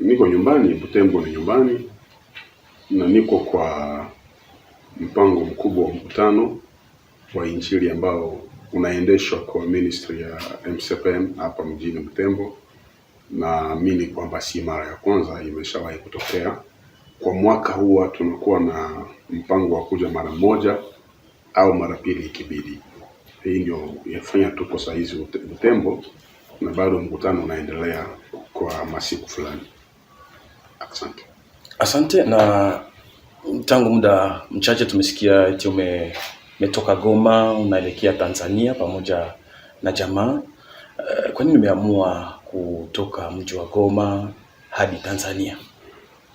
niko nyumbani Butembo, ni nyumbani na niko kwa mpango mkubwa wa mkutano wa injili ambao unaendeshwa kwa ministry ya MCPM hapa mjini Butembo. Naamini kwamba si mara ya kwanza, imeshawahi kutokea. Kwa mwaka huwa tunakuwa na mpango wa kuja mara moja au mara pili ikibidi. Hii ndio yafanya tuko saa hizi Butembo na bado mkutano unaendelea kwa masiku fulani. Asante. Asante. Na tangu muda mchache tumesikia eti ume umetoka Goma unaelekea Tanzania pamoja na jamaa. Eh, kwa nini umeamua kutoka mji wa Goma hadi Tanzania?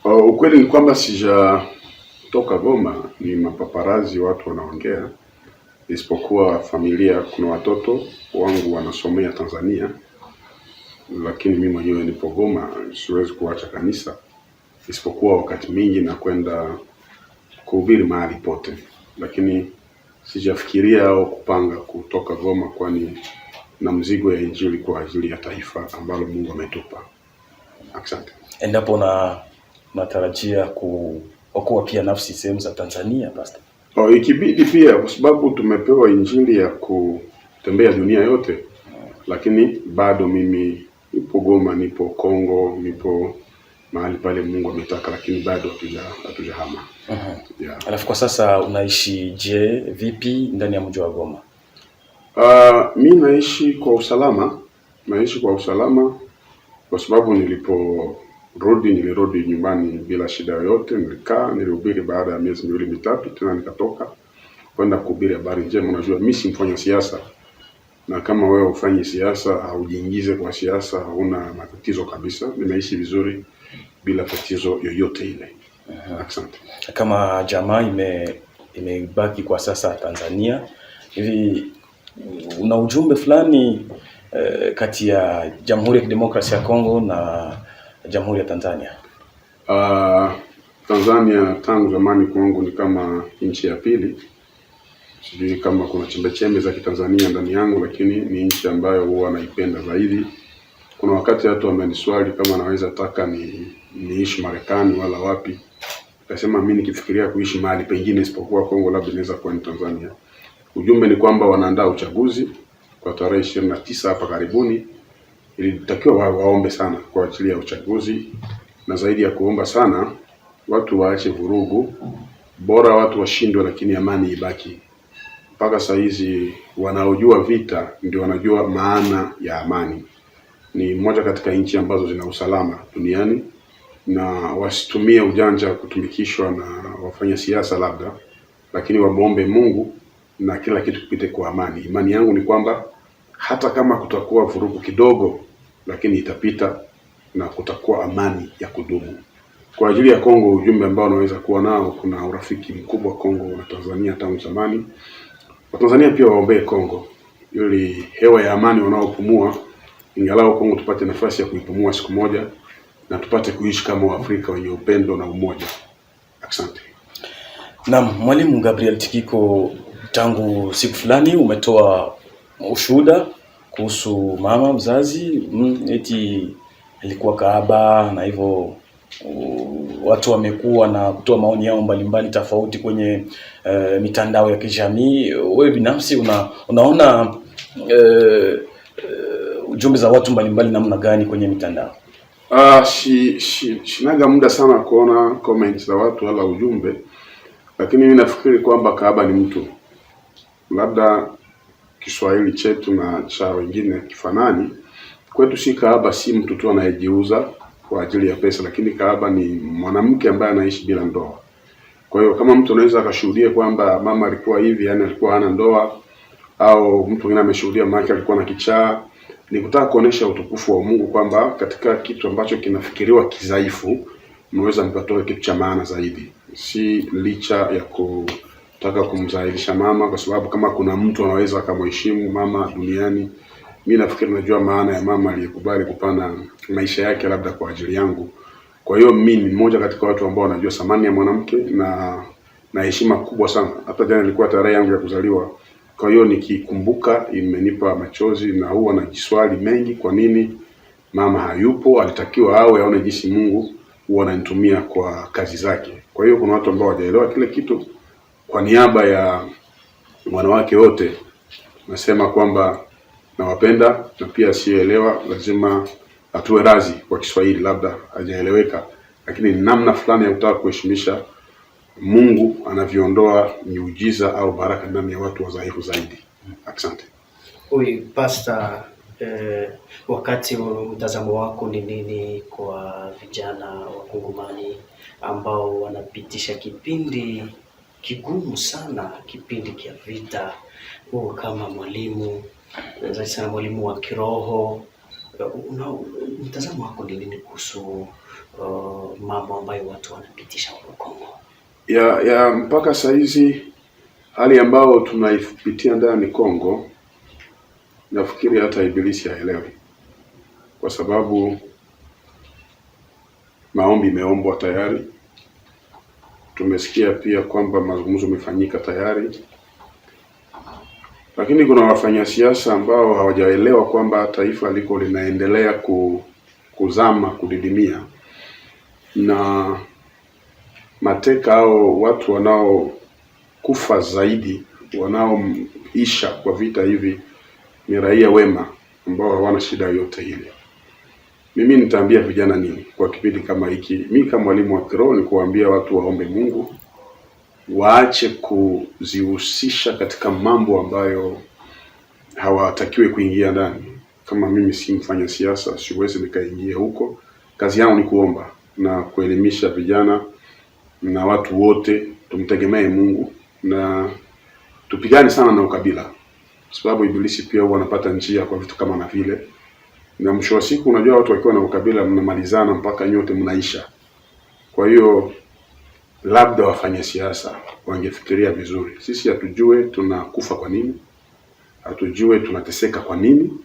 Uh, ukweli ni kwamba sijatoka Goma, ni mapaparazi watu wanaongea, isipokuwa familia, kuna watoto wangu wanasomea Tanzania, lakini mimi mwenyewe nipo Goma, siwezi kuacha kanisa isipokuwa wakati mingi na kwenda kuhubiri mahali pote, lakini sijafikiria au kupanga kutoka Goma, kwani na mzigo ya injili kwa ajili ya taifa ambalo Mungu ametupa. Asante. Endapo na natarajia kuokoa pia nafsi sehemu za Tanzania pastor. Oh, ikibidi pia kwa sababu tumepewa injili ya kutembea dunia yote, lakini bado mimi nipo Goma, nipo Kongo, nipo mahali pale Mungu ametaka, lakini bado hatuja hatujahama. uh -huh. yeah. Alafu kwa sasa unaishi je, vipi ndani ya mji wa Goma? Uh, mi naishi kwa usalama, naishi kwa usalama kwa sababu niliporudi nilirudi nyumbani bila shida yoyote. Nilikaa nilihubiri, baada ya miezi miwili mitatu tena nikatoka kwenda kuhubiri habari njema. Unajua mi si mfanya siasa, na kama wewe hufanyi siasa, haujiingize kwa siasa, hauna matatizo kabisa. Nimeishi vizuri bila tatizo yoyote ile. Eh, asante. Kama jamaa ime imebaki kwa sasa Tanzania hivi, una ujumbe fulani eh, kati ya Jamhuri ya Kidemokrasia ya Kongo na Jamhuri ya Tanzania? Uh, Tanzania tangu zamani kwangu ni kama nchi ya pili. Sijui kama kuna chembe chembe za Kitanzania ndani yangu, lakini ni nchi ambayo huwa naipenda zaidi. Kuna wakati watu wameniswali kama naweza taka ni niishi Marekani wala wapi. Nikasema mimi nikifikiria kuishi mahali pengine isipokuwa Kongo, labda inaweza kuwa ni Tanzania. Ujumbe ni kwamba wanaandaa uchaguzi kwa tarehe ishirini na tisa hapa karibuni. Ilitakiwa wa, waombe sana kwa ajili ya uchaguzi, na zaidi ya kuomba sana watu waache vurugu, bora watu washindwe, lakini amani ibaki. Mpaka saa hizi wanaojua vita ndio wanajua maana ya amani ni moja katika nchi ambazo zina usalama duniani, na wasitumie ujanja kutumikishwa na wafanya siasa labda, lakini wamwombe Mungu na kila kitu kipite kwa amani. Imani yangu ni kwamba hata kama kutakuwa vurugu kidogo, lakini itapita na kutakuwa amani ya kudumu. Kwa ajili ya Kongo, ujumbe ambao unaweza kuwa nao, kuna urafiki mkubwa Kongo na Tanzania tangu zamani. Watanzania pia waombee Kongo ili hewa ya amani wanaopumua ingalau Kongo tupate nafasi ya kuipumua siku moja na tupate kuishi kama Waafrika wenye upendo na umoja. Asante. Naam, Mwalimu Gabriel Tikiko, tangu siku fulani umetoa ushuhuda kuhusu mama mzazi mm, eti alikuwa kahaba na hivyo uh, watu wamekuwa na kutoa maoni yao mbalimbali tofauti kwenye uh, mitandao ya kijamii. Wewe binafsi una, unaona eh, ujumbe za watu mbalimbali namna gani kwenye mitandao? Uh, shi, shi, shinaga muda sana kuona comments za watu wala ujumbe, lakini mimi nafikiri kwamba kahaba ni mtu, labda Kiswahili chetu na cha wengine kifanani. Kwetu si kahaba, si mtu tu anayejiuza kwa ajili ya pesa, lakini kahaba ni mwanamke ambaye anaishi bila ndoa. Kwa hiyo kama mtu anaweza akashuhudia kwamba mama alikuwa hivi, yani alikuwa hana ndoa, au mtu mwingine ameshuhudia mama alikuwa na kichaa ni kutaka kuonesha utukufu wa Mungu kwamba katika kitu ambacho kinafikiriwa kidhaifu mnaweza mkatoka kitu cha maana zaidi, si licha ya kutaka kumdhalilisha mama, kwa sababu kama kuna mtu anaweza akamheshimu mama duniani, mi nafikiri najua maana ya mama aliyekubali kupana maisha yake labda kwa ajili yangu. Kwa hiyo mi ni mmoja katika watu ambao wanajua thamani ya mwanamke na na heshima kubwa sana. Hata jana ilikuwa tarehe yangu ya kuzaliwa kwa hiyo nikikumbuka imenipa machozi na huwa najiswali mengi, kwa nini mama hayupo? Alitakiwa awe, aone jinsi Mungu huwa ananitumia kwa kazi zake. Kwa hiyo kuna watu ambao hawajaelewa kile kitu. Kwa niaba ya wanawake wote nasema kwamba nawapenda na pia asiyeelewa lazima atuwe razi Kwa Kiswahili labda hajaeleweka, lakini namna fulani ya kutaka kuheshimisha Mungu anavyoondoa miujiza au baraka ndani ya watu wadhaifu zaidi. Asante. Huyu pasta eh, wakati mtazamo wako ni nini kwa vijana wakongomani ambao wanapitisha kipindi kigumu sana, kipindi kia vita? huu kama mwalimu sana, mwalimu wa kiroho una, mtazamo wako ni nini kuhusu uh, mambo ambayo watu wanapitisha huko Kongo? ya ya mpaka sahizi hali ambayo tunaipitia ndani Kongo, nafikiri hata ibilisi haelewi, kwa sababu maombi imeombwa tayari. Tumesikia pia kwamba mazungumzo yamefanyika tayari, lakini kuna wafanyasiasa ambao hawajaelewa kwamba taifa liko linaendelea ku, kuzama kudidimia na mateka au watu wanaokufa zaidi wanaoisha kwa vita hivi ni raia wema ambao hawana shida yoyote ile. Mimi nitaambia vijana nini kwa kipindi kama hiki? Mi kama mwalimu wa kiroho ni kuwaambia watu waombe Mungu, waache kuzihusisha katika mambo ambayo hawatakiwi kuingia ndani. Kama mimi si mfanya siasa, siwezi nikaingia huko. Kazi yangu ni kuomba na kuelimisha vijana na watu wote tumtegemee Mungu na tupigane sana na ukabila, kwa sababu ibilisi pia huwa anapata njia kwa vitu kama na vile, na mwisho wa siku, unajua watu wakiwa na ukabila mnamalizana mpaka nyote mnaisha. Kwa hiyo labda wafanya siasa wangefikiria vizuri. Sisi hatujue tunakufa kwa nini, hatujue tunateseka kwa nini.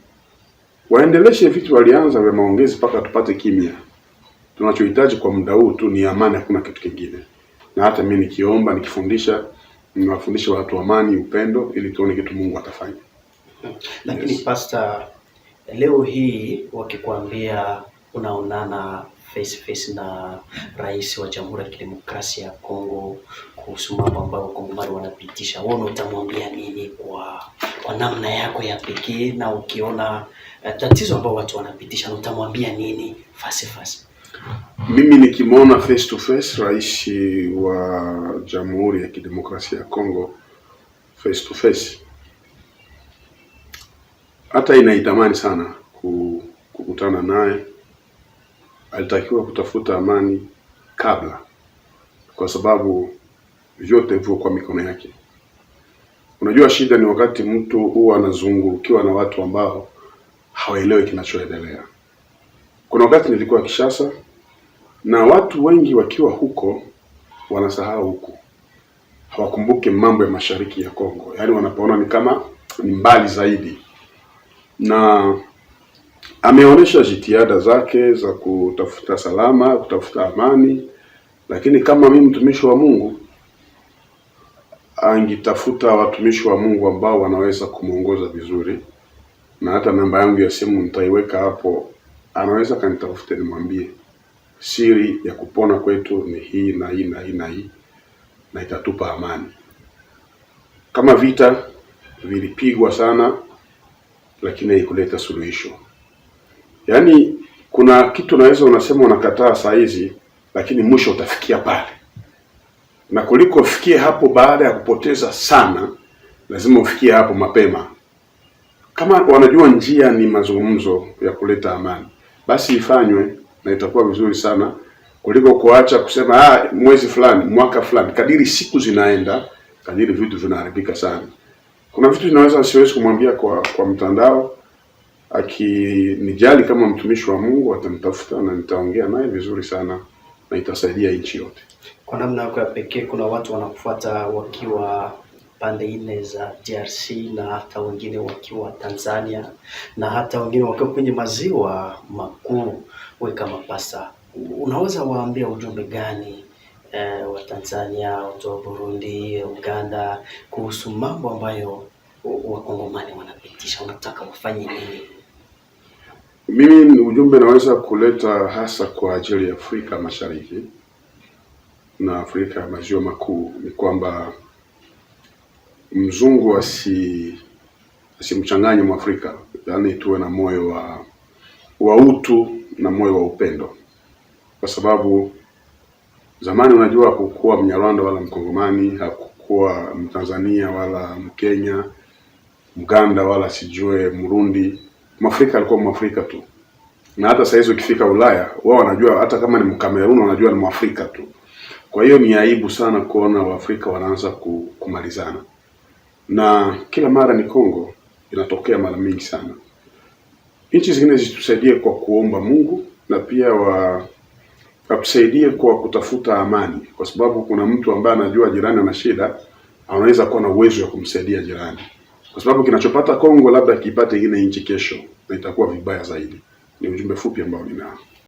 Waendeleshe vitu walianza vya maongezi mpaka tupate kimya. Tunachohitaji kwa muda huu tu ni amani, hakuna kitu kingine. Na hata mimi nikiomba, nikifundisha, niwafundishe watu amani, upendo, ili tuone kitu Mungu atafanya. Lakini yes. Pastor, leo hii wakikwambia unaonana face face na rais wa Jamhuri ya Kidemokrasia ya Kongo kuhusu mambo ambayo Wakongomani wanapitisha, wewe utamwambia nini kwa kwa namna yako ya pekee, na ukiona eh, tatizo ambayo watu wanapitisha utamwambia nini face face? Mimi nikimwona face to face rais wa Jamhuri ya Kidemokrasia ya Kongo face to face, hata inaitamani sana kukutana naye. Alitakiwa kutafuta amani kabla, kwa sababu vyote hivyo kwa mikono yake. Unajua, shida ni wakati mtu huwa anazungukiwa na watu ambao hawaelewi kinachoendelea. Kuna wakati nilikuwa Kishasa na watu wengi wakiwa huko wanasahau huku, hawakumbuke mambo ya mashariki ya Kongo, yaani wanapoona ni kama ni mbali zaidi. Na ameonyesha jitihada zake za kutafuta salama, kutafuta amani, lakini kama mimi mtumishi wa Mungu angitafuta watumishi wa Mungu ambao wanaweza kumwongoza vizuri, na hata namba yangu ya simu nitaiweka hapo, anaweza kanitafute nimwambie siri ya kupona kwetu ni hii na hii na hii na hii, na itatupa amani. Kama vita vilipigwa sana, lakini haikuleta suluhisho. Yaani kuna kitu unaweza unasema unakataa saa hizi, lakini mwisho utafikia pale, na kuliko ufikie hapo baada ya kupoteza sana, lazima ufikie hapo mapema. Kama wanajua njia ni mazungumzo ya kuleta amani, basi ifanywe na itakuwa vizuri sana kuliko kuacha kusema ah, mwezi fulani, mwaka fulani. Kadiri siku zinaenda, kadiri vitu vinaharibika sana. Kuna vitu vinaweza siwezi kumwambia kwa kwa mtandao. Akinijali kama mtumishi wa Mungu atamtafuta na nitaongea naye vizuri sana, na itasaidia nchi yote kwa namna yako ya pekee. Kuna watu wanakufuata wakiwa pande nne za DRC na hata wengine wakiwa Tanzania na hata wengine wakiwa kwenye maziwa makuu. We kama unaweza waambia ujumbe gani eh, wa Tanzania, watu wa Burundi, Uganda kuhusu mambo ambayo wakongomani wanapitisha? Unataka wafanye nini? Mimi ujumbe naweza kuleta hasa kwa ajili ya Afrika Mashariki na Afrika ya maziwa makuu ni kwamba mzungu asi asimchanganye Mwafrika, yaani tuwe na moyo wa wa utu na moyo wa upendo, kwa sababu zamani, unajua, hakukuwa Mnyarwanda wala Mkongomani, hakukuwa Mtanzania wala Mkenya, Mganda wala sijue Mrundi. Mwafrika alikuwa Mwafrika tu, na hata saa hizi ukifika Ulaya wao wanajua, hata kama ni mkamerun wanajua ni Mwafrika tu. Kwa hiyo ni aibu sana kuona Waafrika wanaanza kumalizana na kila mara ni Kongo inatokea mara mingi sana. Nchi zingine zitusaidie kwa kuomba Mungu na pia wa atusaidie kwa kutafuta amani, kwa sababu kuna mtu ambaye anajua jirani ana shida, anaweza kuwa na uwezo wa kumsaidia jirani, kwa sababu kinachopata Kongo labda kipate ingine nchi kesho, na itakuwa vibaya zaidi. Ni ujumbe fupi ambao ninao.